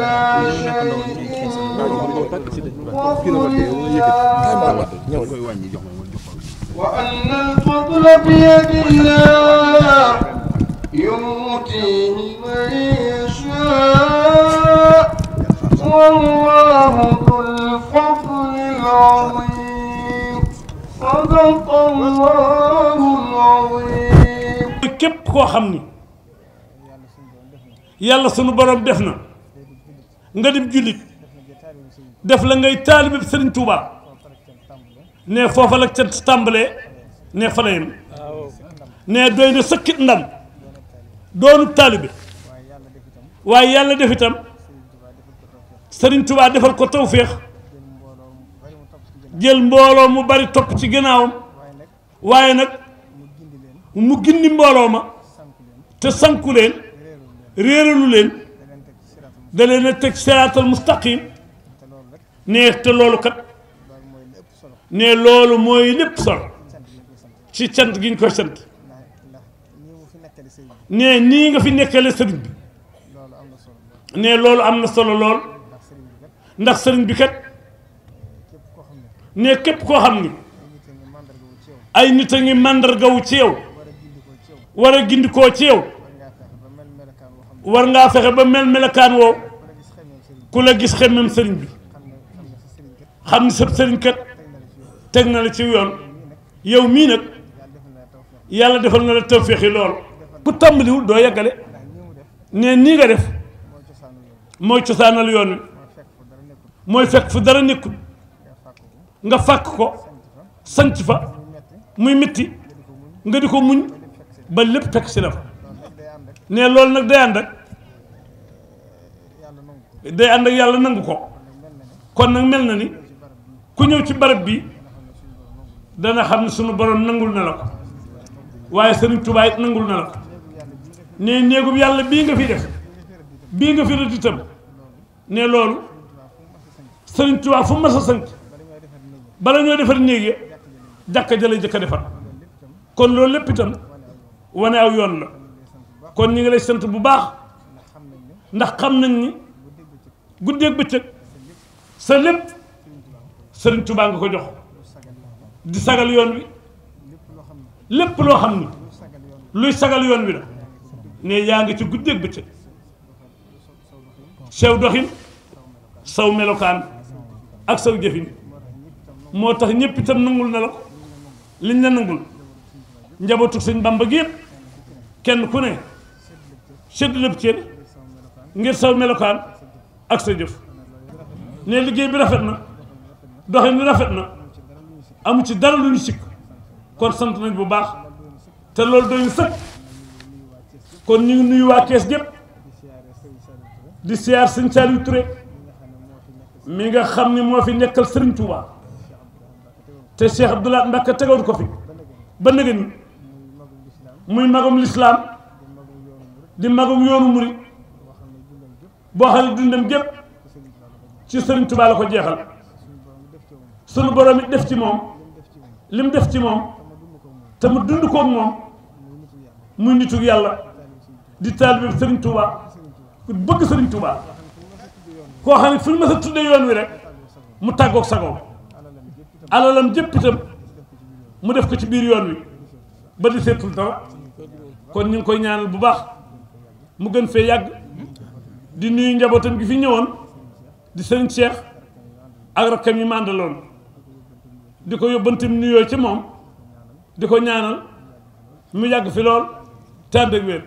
وأن الفضل بيد الله يؤتيه من يشاء والله ذو الفضل العظيم صدق الله العظيم كيف كو خامني يلا سونو بروم ديفنا nga dem jullit def la ngay taalibe Serigne Touba ne foofa la ca tàmbalee ne fa la yem ne doy na sëkkit ndam doonu taalibe waaye yàlla def itam sëriñ Touba defal ko tawféex jël mbooloo mu bari topp ci gannaawam waaye nag mu gindi mbooloo ma te sanku leen réeralu leen. da leen a teg siraatal mustaqim nee te loolu kat ne loolu mooy lépp solo ci cant gi ñu koy sant ne nii nga fi nekkale sëriñ bi ne loolu am na solo lool ndax sëriñ bi kat ne képp koo xam ni ay nit a ngi màndargawu ci yow war a gindikoo ci yow war nga fexe ba mel melakan wo ku la gis xémem sëriñ bi xam ni sëb sëriñ kat tek na la ci yoon yow mi nak yàlla defal na la tawféexi lool ku tambali wul do yagalé ne ni nga def mooy cosaanal yoon moy fek fu dara nekkul nga fak ko sant fa muy métti nga diko muñ ba lépp fekk si la fa ne loolu nag day ànd ak day ànd ak yàlla nangu ko kon nag mel na ni ku ñëw ci barab bi dana xam ne sunu borom nangul na la waaye sëriñ Tuubaa nangul na la ko ne néegub yàlla bii nga fi def bii nga fi rëdd itam ne loolu sëriñ Tuubaa fu mas a sanc bala ñoo defar néeg ya jàkka jëla jëkka defar kon loolu lépp itam wane aw yoon la kon ñu ngi lay sant bu baax ndax xam nañ ni guddeeg bëccëg sa lépp sëriñ Tuubaa nga ko jox di sagal yoon wi lépp loo xam ni luy sagal yoon wi la ne yaa ngi ci guddeeg bëccëg sew doxin saw melokaan ak saw jëfin moo tax ñëpp itam nangul na la ko liñ la nangul njabootu sëñ Bamba gi kenn ku ne séddale cër ngir saw melokaan ak sa jëf ne liggéey bi rafet na doxin bi rafet na amu ci dara lu ñu sikk kon sant nañ bu baax te loolu doyul sëkk kon ñu ngi nuyu waa kees gépp di siyaar sëñ Saliou Touré mi nga xam ne moo fi nekkal Serigne Touba te Cheikh Abdoulaye Mbacke tegoon ko fi ba nëgë ni muy magam lislaam di magum yoonu murit boo xam ne dundam gépp ci sëriñ Tuubaa la ko jeexal sunu borom it def ci moom li mu def ci moom te mu dund koog moom muy nitu yàlla di taalibe sëriñ Tuubaa bëgg sëriñ Tuubaa koo xam ne fu ñu mës a tuddee yoon wi rek mu tàggoog sagoom alalam jëpp itam mu def ko ci biir yoon wi ba di seetul dara kon ñu ngi koy ñaanal bu baax mu gën fee yàgg di nuyu njabootam gi fi ñëwoon di sëriñ Cheikh ak rakkam yi màndaloon di ko yóbbantim nuyoo ci moom di ko ñaanal mu yàgg fi lool te ànd ak wér